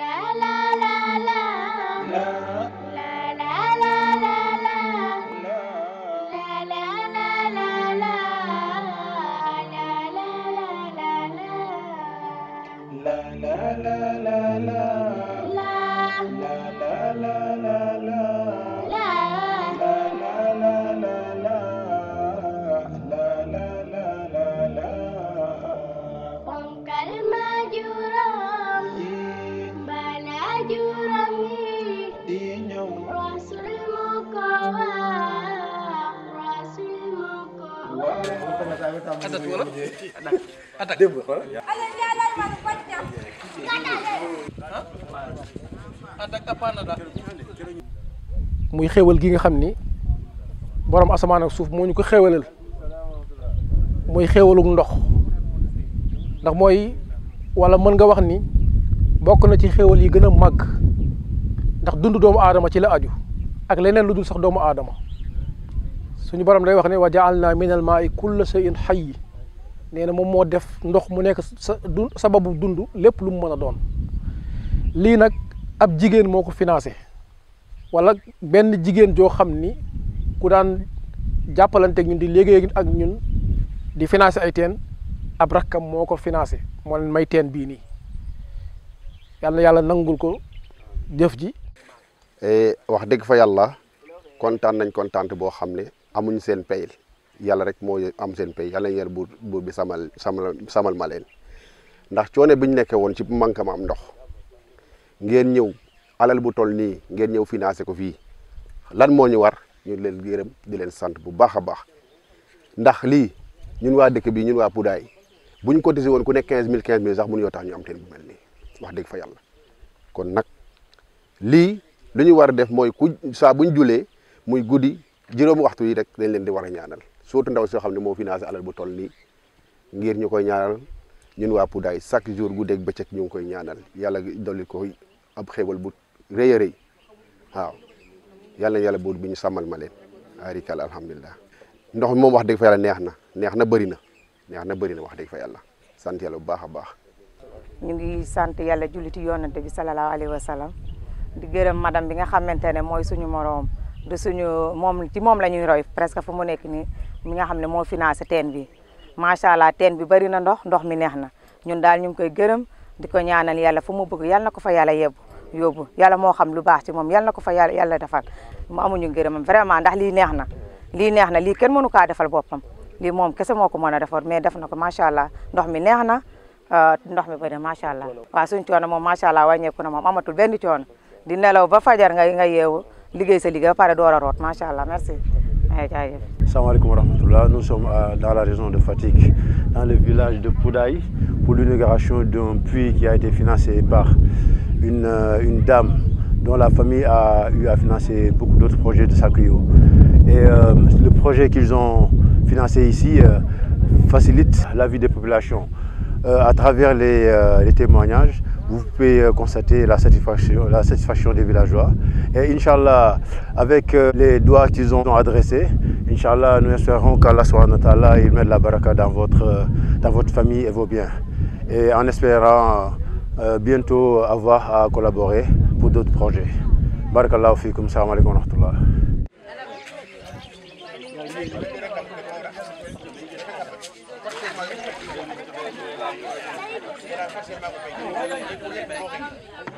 la la la la La jurangi Dinyo Rasul mukawa Rasul mukawa Ada tuh lo? Ada Ada Ada Ada ada? muy xéewal gi nga xam ni borom asamaan ak suuf moo ko xéewalal muy xéewalug ndox ndax mooy wala mën nga wax ni bokk na ci xéewal yi gën a màgg ndax dund doomu aadama ci la aju ak leneen lu dul sax doomu aadama suñu borom day wax ne wa jaal naa minal maa'i kulla shay'in hayy nee na moom moo def ndox mu nekk sababu dund lépp lu mu mën a doon lii nag ab jigéen moo ko financé wala benn jigéen joo xam ni ku daan jàppalante ñun di liggéey ak ñun di financé ay teen ab rakkam moo ko financé moo leen may teen bii nii yàlla yàlla nangul ko jëf ji. e wax dëgg fa yàlla kontaan nañ kontaan boo xam ne amuñ seen payil yàlla rek moo am seen pay yàlla nañ buur bi samal samal samal ma leen ndax coone bi ñu nekkee woon ci manquement am ndox ngeen ñëw alal bu toll nii ngeen ñëw finance ko fii lan moo ñu war ñu leen gërëm di leen sant bu baax a baax ndax lii ñun waa dëkk bi ñun waa Poudaye bu ñu cotisé woon ku nekk 15000 15000 sax mënuñoo tax ñu am teen bu mel ni wax dëgg fa yàlla kon nag lii lu ñu war a def mooy ku saa bu julee muy guddi juróomi waxtu yi rek dañ leen di war a ñaanal surtout ndaw soo xam ne moo financé alal bu toll nii ngir ñu koy ñaanal ñun waa Poudaye chaque jour guddeeg bëccëg ñu ngi koy ñaanal yàlla dolli ko ab xéwal bu rëy a rëy waaw yàlla yàlla buur bi ñu samal ma leen arikal alhamdulilah ndox moom wax dëgg fa yàlla neex na neex na bëri na neex na bëri na wax dëgg fa yàlla sant yàlla bu baax a baax ñu ngi sant yàlla julliti yonante bi salallaahu alayhi wa sallam di gërëm madam bi nga xamante ne mooy suñu moroom du suñu moom ci moom la ñuy roy presque fu mu nekk nii mi nga xam ne moo financé teen bi macha allah teen bi bari na ndox ndox mi neex na ñun daal ñu ngi koy gërëm di ko ñaanal yàlla fu mu bëgg yàlla na ko fa yàlla yebbu yóbbu yàlla moo xam lu baax ci moom yàlla na ko fa yàlla yàlla defal mu amuñu gërëmam vraiment ndax lii neex na lii neex na lii kenn mënu kaa defal boppam lii moom kese moo ko mën a defar mais def na ko macha allah nous sommes euh, dans la région de Fatigue dans le village de Poudaï, pour l'inauguration d'un puits qui a été financé par une, euh, dame dont la famille a eu à financer beaucoup d'autres projets de Sakuyo. Et euh, le projet qu'ils ont financé ici facilite la vie des populations. Euh, à travers euh, les, témoignages, vous pouvez euh, constater la satisfaction, des villageois. Et Inch'Allah, avec les doigts qu'ils ont adressés, Inch'Allah, nous espérons qu'Allah soit notre il mette la baraka dans votre, dans votre famille et vos biens. Et en espérant bientôt avoir à collaborer pour d'autres projets. Barakallahu fikum, salam wa Gracias.